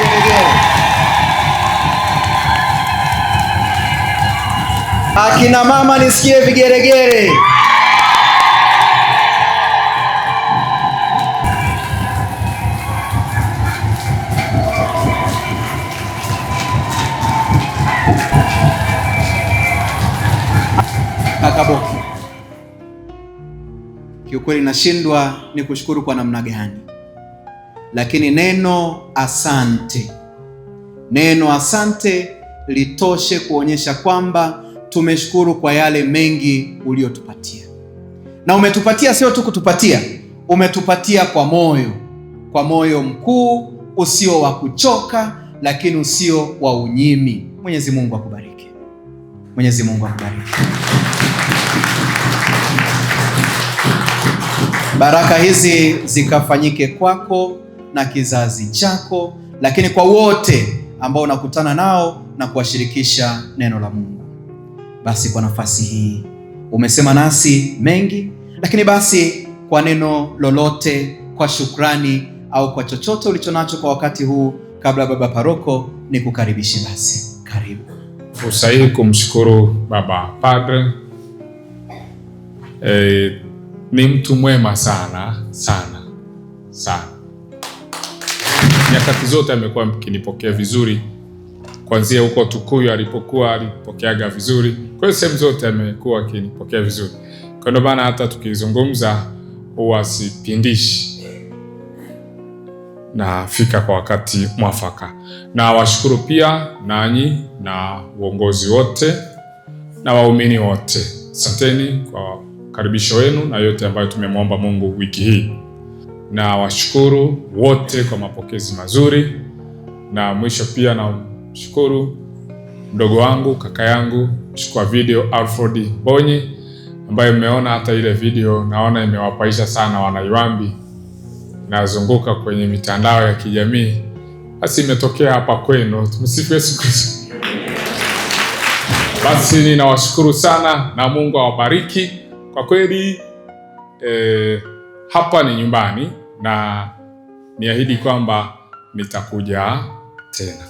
vigelegele. Akina mama nisikie vigeregere. kiukweli nashindwa ni kushukuru kwa namna gani. Lakini neno asante, neno asante litoshe kuonyesha kwamba tumeshukuru kwa yale mengi uliyotupatia, na umetupatia sio tu kutupatia, umetupatia kwa moyo, kwa moyo mkuu usio wa kuchoka, lakini usio wa unyimi. Mwenyezi Mungu akubariki, Mwenyezi Mungu akubariki. Baraka hizi zikafanyike kwako na kizazi chako, lakini kwa wote ambao unakutana nao na kuwashirikisha neno la Mungu. Basi kwa nafasi hii umesema nasi mengi, lakini basi kwa neno lolote, kwa shukrani au kwa chochote ulichonacho kwa wakati huu, kabla ya baba paroko ni kukaribishi, basi karibu fursa kumshukuru baba padre. eh, ni mtu mwema sana sana sana nyakati zote amekuwa mkinipokea vizuri, kwanzia huko Tukuyu alipokuwa alipokeaga vizuri. Kwa hiyo sehemu zote amekuwa akinipokea vizuri, kwa ndio maana hata tukizungumza huwa sipindishi, nafika kwa wakati mwafaka. Na washukuru pia nanyi na uongozi wote na waumini wote, asanteni kwa karibisho wenu na yote ambayo tumemwomba Mungu wiki hii na washukuru wote kwa mapokezi mazuri, na mwisho pia namshukuru mdogo wangu kaka yangu mchukua video Alfred Bonyi ambaye mmeona hata ile video, naona imewapaisha sana wanaiwambi, nazunguka kwenye mitandao ya kijamii, basi imetokea hapa kwenu. Tumsifu Yesu Kristo. Basi ninawashukuru sana na Mungu awabariki kwa kweli. Eh, hapa ni nyumbani na niahidi kwamba nitakuja tena.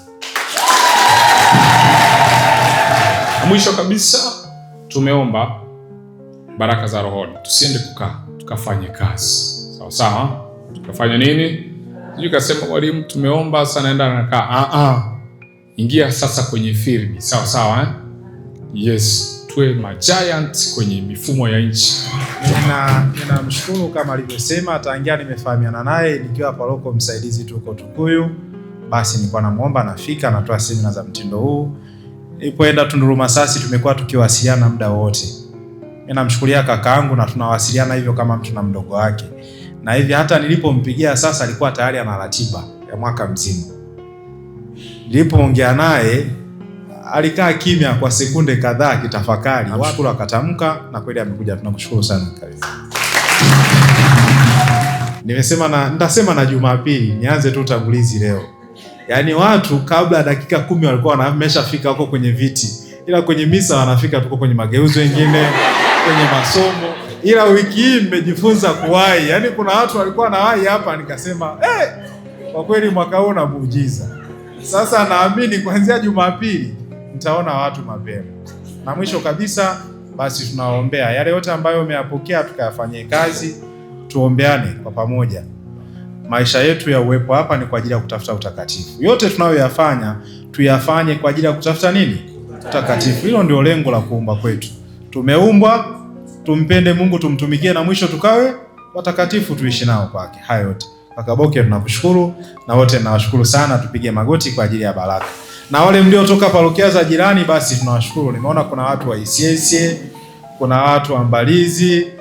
Mwisho kabisa, tumeomba baraka za rohoni, tusiende kukaa, tukafanye kazi sawa sawa. Tukafanya nini? Sijui kasema mwalimu, tumeomba sana, naenda nakaa. Ah, ah, ingia sasa kwenye filmi sawa sawa, eh? Yes tuwe magiant kwenye mifumo ya nchi. Ninamshukuru kama alivyosema, tangia nimefahamiana naye nikiwa paroko msaidizi tuko Tukuyu, basi nilikuwa namwomba nafika, natoa semina za mtindo huu. ipoenda Tunduru Masasi, tumekuwa tukiwasiliana muda wote. Ninamshukuria kakaangu na tunawasiliana hivyo kama mtu na mdogo wake, na hivi hata nilipompigia sasa alikuwa tayari ana ratiba ya mwaka mzima. Nilipoongea naye alikaa kimya kwa sekunde kadhaa kitafakari, watu wakatamka, na kweli amekuja. Tunakushukuru sana, karibu. Nimesema na nitasema na Jumapili, nianze tu utangulizi leo. Yaani watu kabla ya dakika kumi walikuwa wameshafika huko kwenye viti, ila kwenye misa wanafika tuko kwenye mageuzo wengine kwenye masomo, ila wiki hii mmejifunza kuwahi. Yaani kuna watu walikuwa na wahi hapa, nikasema eh, kwa kweli mwaka huu na muujiza. Sasa naamini kuanzia Jumapili mtaona watu mapema. Na mwisho kabisa, basi tunawaombea yale yote ambayo umeyapokea, tukayafanyie kazi, tuombeane kwa pamoja. Maisha yetu ya uwepo hapa ni kwa ajili ya kutafuta utakatifu. Yote tunayoyafanya tuyafanye kwa ajili ya kutafuta nini? Utakatifu. Hilo ndio lengo la kuumba kwetu. Tumeumbwa tumpende Mungu, tumtumikie, na mwisho tukawe watakatifu, tuishi nao kwake. Hayo yote Kaka Boke, tunakushukuru na wote nawashukuru sana. Tupige magoti kwa ajili ya baraka na wale mliotoka parokia za jirani, basi tunawashukuru. Nimeona kuna watu wa Isyesye, kuna watu wa Mbalizi